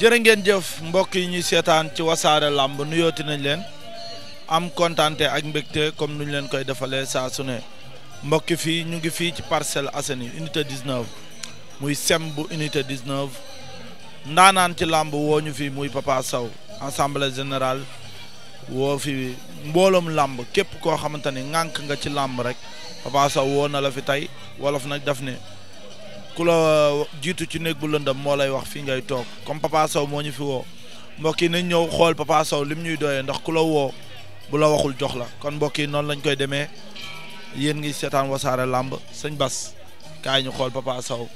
jërë ngeen jëf mbokk yi ñuy seetaan ci wasaare làmb nuyooti nañ leen am kontaante ak mbégte comme nu leen koy defalee saa su ne mbokki fii ñu ngi fii ci parcelle Assainies unité 19 muy sem bu unité 19 ndaanaan ci làmb woo ñu fi muy Papa Sow assemblée générale woo fi mbooloom làmb képp koo xamante ni ŋànk nga ci làmb rek Papa Sow woo na la fi tey wolof nag daf ne ku la uh, jiitu ci néeg bu lëndam moo lay wax fii ngay toog comme Papa Sow moo ñu fi woo mbokk yi nañ ñëw xool Papa Sow lim ñuy doyee ndax ku la woo bu la waxul jox la kon mbokk yi noonu lañ koy demee yéen ngi seetaan wasaare làmb sëñ Bas kaay ñu xool Papa Sow.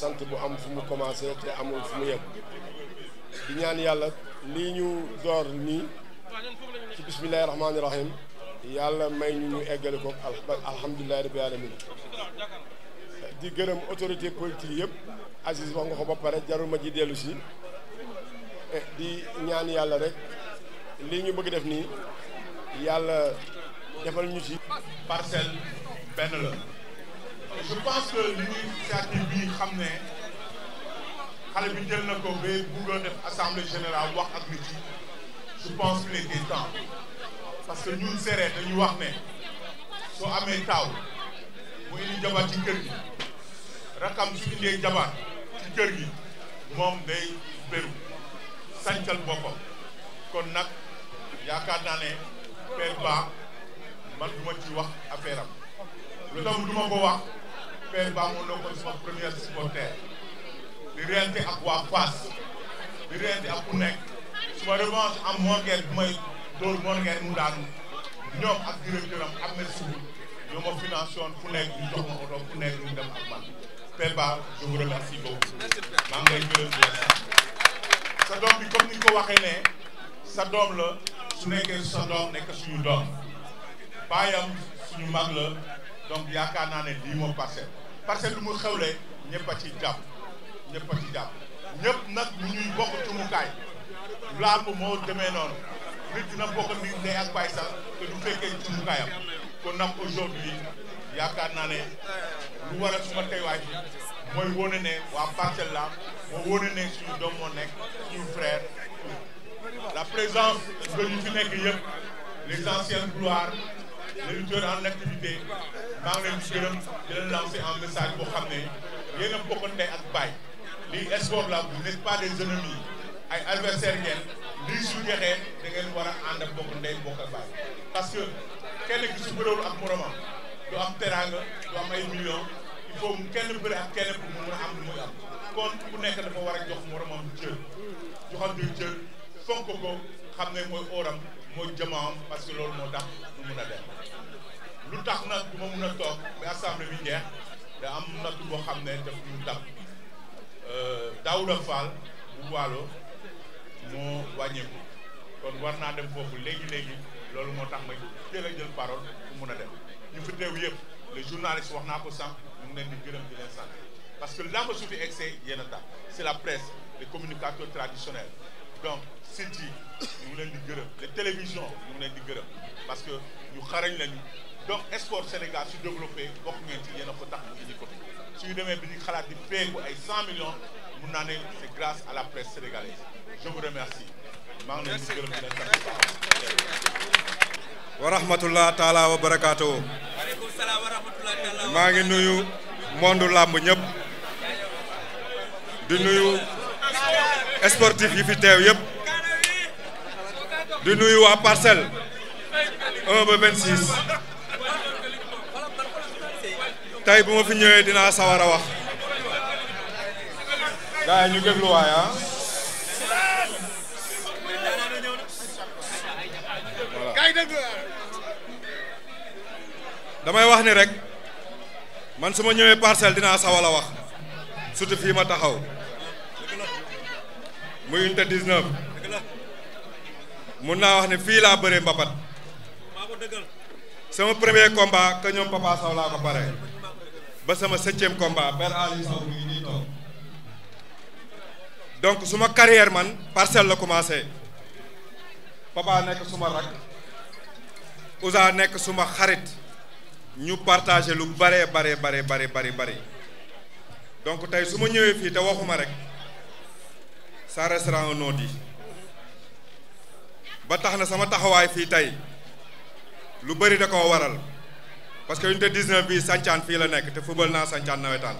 sant bu am fu mu commencé te amul fu mu yegg di ñaan yàlla lii ñu door nii ci bismillahi rahmaani rahim yàlla may ñu ñu eggale ko alhamdulilahi rabbil alamin di gërëm autorité politique yëpp Aziz wax nga ko ba pare jarul ma ji dellu si eh, di ñaan yàlla rek lii ñu bëgg def nii yàlla defal ñu ci parcelle benn la je pense que li ñuy initiative bi xam ne xale bi jël na ko ba bugg a assemblée générale wax ak nit yi je pense qu'il était temps parce que ñun Seereer dañu wax ne soo amee taaw mu indi jabar ci kër gi rakam su indee jabar ci kër gi moom day bëru sancal boppam kon nag yaakaar naa ne père man du ma ci wax affaire am lu du ma ko wax père baamoo noo ko sama première supporter di reenti ak waa di reenti ak ku nekk suma revanche am mongeer bu may dóor mongeer mu daanu ñoom ak directeur am am na suuf ñoo ma financé woon fu nekk ma oto fu nekk ak man père Ba je vous remercie beaucoup maa ngi lay sa doom bi comme ni ko waxee ne sa doom la su nekkee sa doom nekk suñu doom baayam suñu mag la donc yaakaar naa ne lii moo passé parce que lu mu xewlee a ci jàpp ñëpp ci jàpp ñëpp nag mu ñuy bokk tumukaay làmb moo demee noonu nit bokk ni ndey ak baay sax te du fekkee tumukaayam kon nag aujourd'hui yaakaar naa ne lu war a suma mooy wone waa parcelle moo wone ne suñu doom moo la présence de ñu fi nekk yëpp l'essentiel gloire les lutteurs en activité maa leen di gërëm di leen lancer un boo xam ne yéen a bokk ndey ak baay lii sport la vous n'êtes pas des ennemis ay adversaires ngeen lii su jeexee da war a ànd ak bokk bokk ak baay parce que kenn ki su bëreewul ak moromam du am teraanga du am ay millions il faut mu kenn bëri ak kenn pour mu mën a am muy am kon ku nekk dafa war a jox moromam cër joxam ñu cër fonk ko xam ne mooy ooram. moo jëmaam parce que loolu moo tax mu mun a dem lu tax na du ma mun a toog bi assemblée bi jeex da am natt boo xam ne daf ñu dab euh, Daouda Fall bu Waalo moo wàññeeku kon war naa dem foofu léegi léegi loolu moo tax ma teel a jël parole pour mun a dem ñu fi teew yëpp les journalistes wax naa ko sànq ñu ngi leen di gërëm di leen sant parce que laa ma su fi excès a tax c'est la presse les communicateurs traditionnels. donc site yi ñu ngi leen di gërëm les télévisions ñu ngi leen di gërëm parce que ñu xarañ lañu donc sport Sénégal su développé bokk ngeen ci yéen a ko tax ñu indi ko fi demee bi ñu xalaat di feeku ay 100 millions mun naa ne c'est grâce à la presse sénégalaise je vous remercie. maa ngi leen di gërëm di ngi nuyu monde làmb ñëpp. di nuyu. sportif yi fi teew yëpp di nuyu waa parcelle 1 ba 26 tey bu ma fi ñëwee dinaa sawara wax gars yi ñu ah. déglu waay damay wax ni rek man su ma ñëwee parcelle dinaa sawar wax surtout fii ma taxaw muy unité 19 mun naa wax ne fii laa bëree mbapat sama premier combat que ñoom Papa Sow laa ko pare ba sama septième combat Père Aliou Sow mi donc suma carrière man parcelle la commencé Papa nekk suma rak Ousa nekk suma xarit ñu partagé lu bare bare bare bare bare bare donc tey su ma ñëwee fii te waxuma rek ça restera un non-dit ba tax na sama taxawaay fii tey lu bëri da koo waral parce que unité 19 bii Santhiane fii la nekk te football naa Santhiane nawetaan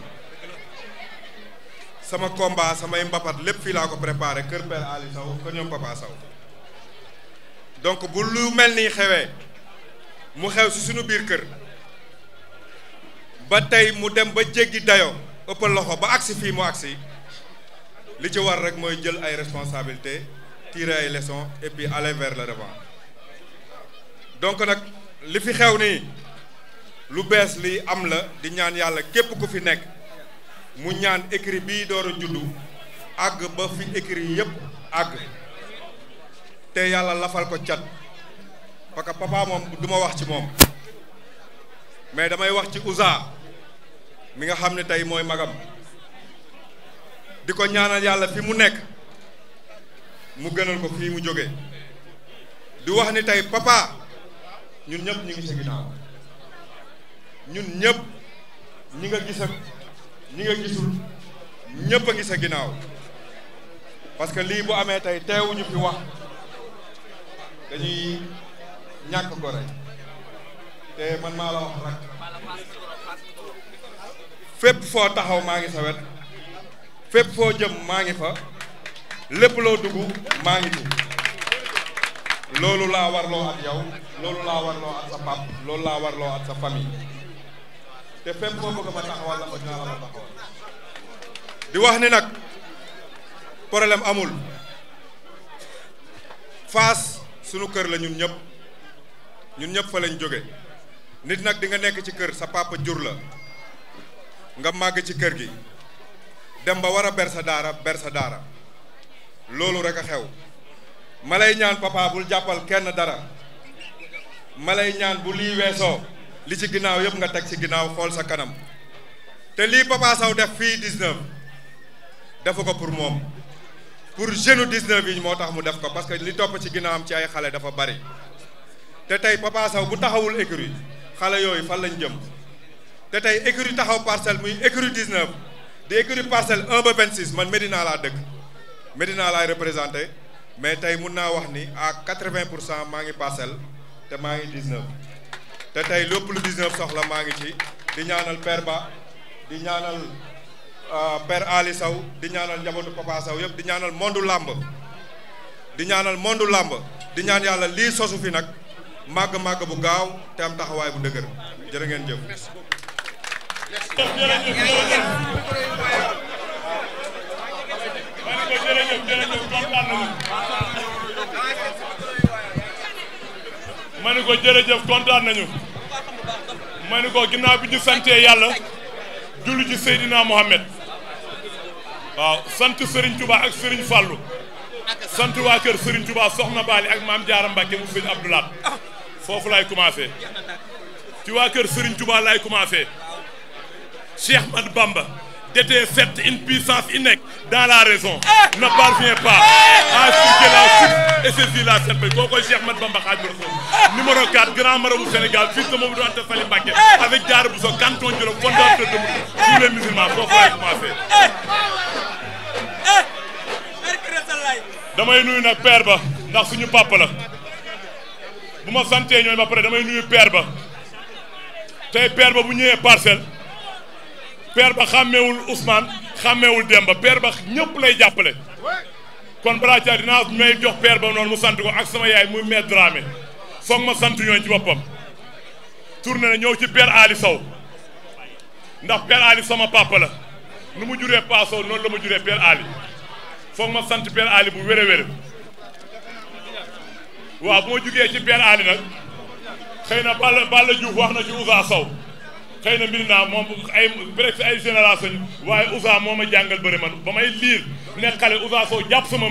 sama combat samay mbapat lépp fii laa ko préparé kër Père Ali Sow kër ñoom Papa Sow donc bu lu mel nii xewee mu xew si suñu biir kër ba tey mu dem ba jéggi dayo ëppal loxo ba agsi fii mu agsi li ci war rek mooy jël ay responsabilité tirer ay leçons et puis aller vers le devant donc nag li fi xew nii lu bees li am la di ñaan yàlla képp ku fi nekk mu ñaan écrit bii door a juddu àgg ba fi écrit yépp àgg te yàlla lafal ko cat parce que papa moom du ma wax ci moom mais damay wax ci Ouza mi nga xam ne tey mooy magam di ko ñaanal yàlla fi mu nekk mu gënal ko fii mu jógee di wax ni tey papa ñun ñëpp ñu ngi ci ginnaaw ñun ñëpp ñu nga gis ak ñi gisul ñëpp a ngi sa ginnaaw parce que lii bu amee tey teewuñu fi wax dañuy ñàkk gore te man maa la wax rek fépp foo taxaw maa ngi sa wet fépp foo jëm maa ngi fa lépp loo dugg maa ngi ci loolu laa warloo ak yow loolu laa warloo ak sa pap loolu laa warloo ak sa famille te fépp foo bëgg ma taxawal la ma dinaa la ma di wax ni nag problème amul Fass sunu kër la ñun ñëpp ñun ñëpp fa lañ jóge nit nag di nga nekk ci kër sa papa jur la nga màgg ci kër gi dem ba war a ber sa daara ber sa daara loolu rek a xew ma lay ñaan papa bul jàppal kenn dara malay ñaan bu lii weesoo li ci ginnaaw yëpp nga teg ci ginnaaw xool sa kanam te lii papa saw def fii 19 defu ko pour moom pour jeune 19 yi moo tax mu def ko parce que li topp ci ginnaawam ci ay xale dafa bari te tey papa bu taxawul écurie xale yooyu fan lañ jëm te tey écurie taxaw parcelle muy écurie 19. di écurie parcelle 1 ba 26 man Medina laa dëkk Medina laay représenté mais tey mun naa wax ni à 80 pour cent maa ngi parcelle te maa ngi 19 te tey lépp lu 19 soxla maa ngi ci di ñaanal Père di ñaanal euh, Père Ali saw di ñaanal njabootu Papa Sow yëpp di ñaanal mondu làmb di ñaanal mondu làmb di ñaan yàlla lii sosu fi nag màgg-màgg bu gaaw te am taxawaay bu dëgër jël ngeen jëf. ma ni ko jërëjëf kontaan nañu ma ni ko ginnaaw bi ñu santee yàlla julli ci Seydina Mohamed waaw sant Serigne Touba ak Serigne Fallou sant waa kër Serigne Touba Soxna Bali ak maam Diarra Mbacke mu Serigne Abdoulaat foofu laay commencé ci waa kër Serigne Touba laay commencé. Cheikh Ahmad Bamba était certes une puissance innée dans la raison ne parvient pas à expliquer la chute et saisir la serpille kooku Cheikh Ahmad Bamba Khadimou Rassoul numéro 4 grand marabout Sénégal fils de Mamadou Anta Sali Mbacké avec Diarra Bousso canton Djolof fondateur de tous les musulmans foofu laay commencé. damay nuyu nag père ba ndax suñu papa la bu ma santee ñooñu ba pare damay nuyu père ba tey père ba bu ñëwee parcelle. père ba xàmmeewul Ousmane xàmmeewul Demba père ba ñëpp lay jàppale kon Brathia dinaa may jox père ba noonu mu sant ko ak sama yaay muy maître foog ma sant ñooñu ci boppam tourné na ñëw ci père Ali Sow ndax père Ali sama papa la nu mu juree Pa Sow noonu la ma juree père Ali foog ma sant père Ali bu wéré wéré waaw bu ma ci père Ali nag xëy na Balla Balla wax na ci Ousa Sow xëy na mbir naa moom ay bref ay génération waaye Ousa moo ma jàngal bëri man ba may liir ne xale Ousa soo jàpp sama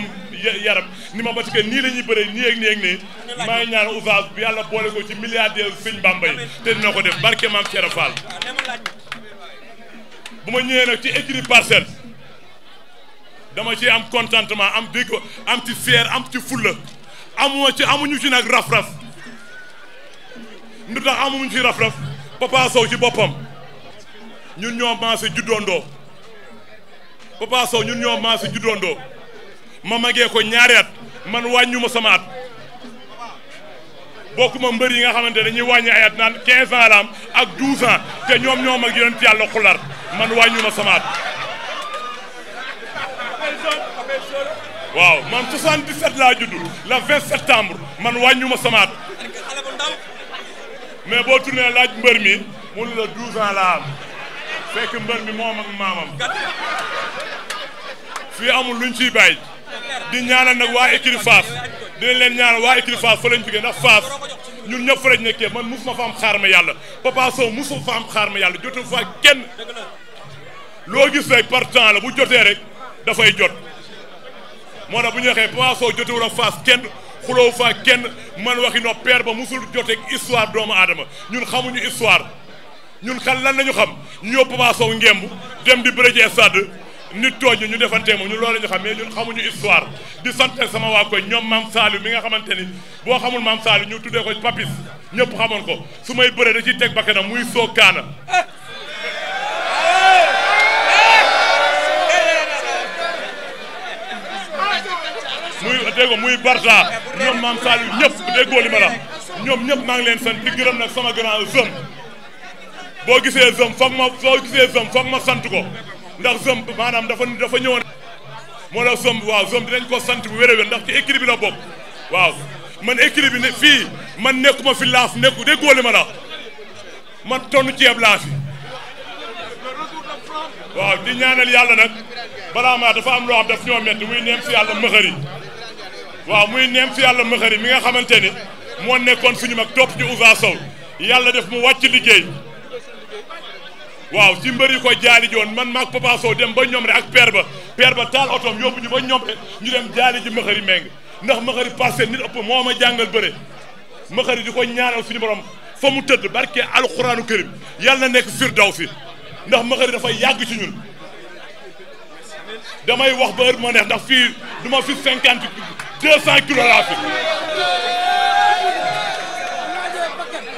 yaram ni ma Batika nii la ñuy bëree nii ak nii ak nii maa ngi ñaan Ousa yàlla boole ko ci milliardaire sëñ Bamba yi te dina ko def barke maam Thierno Fall bu ma ñëwee ci écrit parcelle dama ci am contentement am dégg am ci fier am ci fulla amuma ci amuñu ci nag raf-raf lu tax amuñu ci raf-raf Papa Sow ci boppam ñun ñoo maase juddoondoo Papa Sow ñun ñoo maase juddoondoo ma magee ko ñaari at man wàññu ma sama at bokkuma mbër yi nga xamante ne wàññi ay at naan am ak 12 ans te ñoom ñoo mag yonent yàlla man wàññu ma sama waaw man 77 laa judd la 20 septembre man wàññu ma mais boo tourné laaj mbër mi mu ne la 12 fekk mbër mi moom maamam fii amul luñ ciy bàyyi di ñaana nag waa écurie Fass dinañ leen ñaanal waa écurie fa lañ jógee ndax Fass ñun ñëpp fa nekkee man mosuma fa am xaar ma yàlla Papa Sow mosuma fa xaar ma yàlla jotul fa kenn loo gis rek par la bu jotee rek dafay jot moo tax bu ñu waxee Papa Sow kenn. xuloo fa kenn man waxi no père ba musul joteeg histoire doomu aadama ñun xamuñu histoire ñun xal lan lañu xam ñoo Papa Sow ngemb dem di bërëjee stade nit tooñ ñu defantee moom ñu loolu la ñu xam mais ñun xamuñu histoire di sante sama waa koy ñoom maam Saliou mi nga xamante ni boo xamul maam Saliou ñu tuddee ko papis ñëpp xamoon ko su may bëree da ciy teg bakkanam muy soo kaana dégg muy Barta ñoom maam Saliou ñëpp déggoo ma ñoom ñëpp maa ngi leen sant di gërëm nag sama grand Zëm boo gisee Zëm foog ma soo gisee ma sant ko ndax Zëm maanaam dafa dafa ñëwoon. moo tax Zëm waaw Zëm dinañ ko sant bu wér-wér ndax ci équipe bi la bokk waaw man équipe bi ne fii man nekkuma fi laaf nekku déggoo mala ma la man tonn ceeb laa waaw di ñaanal yàlla nag balaa maa dafa am loo xam daf ñoo métti muy neem si yàlla mëxëri waaw muy neem si yàlla maxari mi nga xamante ni moo nekkoon suñu mag topp ci Ousa yàlla def mu wàcc liggéey waaw ci mbër yi ko jaali joon man maag Papa dem ba ñoom rek ak peer ba peer ba taal otoom yóbbu ñu ba ñoom rek ñu dem jaali ji maxari meng ndax maxari passé nit ëpp moo ma jàngal bëre maxari di ko ñaanal suñu borom fa mu tëdd barke alxuraanu kërim yàlla na nekk firdaw si ndax maxari dafa yàgg ci ñun damay wax ba heure ma neex ndax fii du ma fi cinquante deux cent kilos laa fi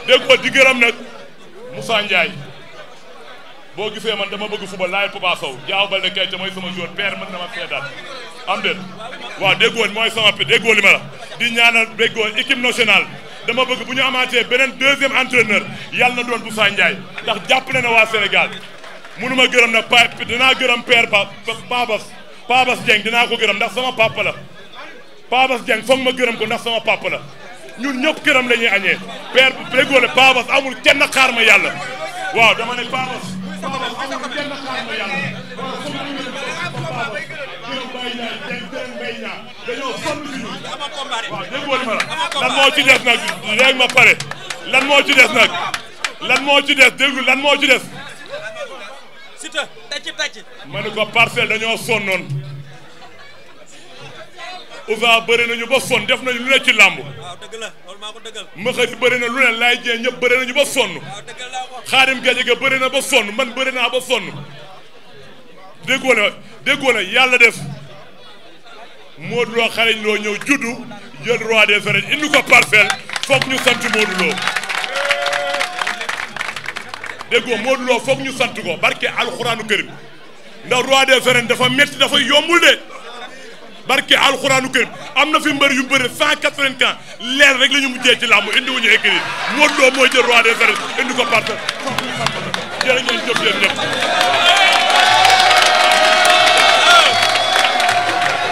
dégg nga di gërëm nag Moussa Ndiaye boo gisee man dama bëgg football laay Papa Sow jaaw bal ne kay mooy sama joueur père mën na ma seedaat am déet waaw déggoo mooy sama p déggoo li di ñaanal déggoo équipe nationale dama bëgg bu ñu amaatee beneen deuxième entraîneur yàlla na doon Moussa Ndiaye ndax jàpp na ne waa Sénégal mënu ma gërëm na pa dinaa gërëm père ba dinaa ko gërëm ndax sama papa la Pabas Dieng foog ma gërëm ko ndax sama papa la ñun ñëpp këram la ñuy añee père Bégole Pabas amul kenn xaar ma yàlla waaw dama ne Pabas Pabas amul kenn xaar ma yàlla dañoo sonn si ci des lan moo ci moo ci lan moo ci des. Siteu tàcc tàcc. ma ne ko Ousa bëri nañu ba sonn def nañu lu ne ci làmb maxëri bëri na lu ne laay jee ñëpp bëri nañu ba sonn xaarim gajege bëri na ba sonn man bëri naa ba sonn déggoo la déggoo yàlla def Modou Lo xarañ loo ñëw juddu jël roi des arènes indi ko parcelle foog ñu sant Modou Lo déggoo Modou Lo foog ñu sant ko barke alxuraanu kërim ndax roi des arènes dafa métti dafa yombul de barke alxuraanu kër am na fi mbër yu bëri cent quatre-vingts ans leer rek la ñu mujjee ci làmb indi wuñu écrit Modou Lo mooy jël roi des arènes indi ko parta jërë ngeen jëf yéen ñëpp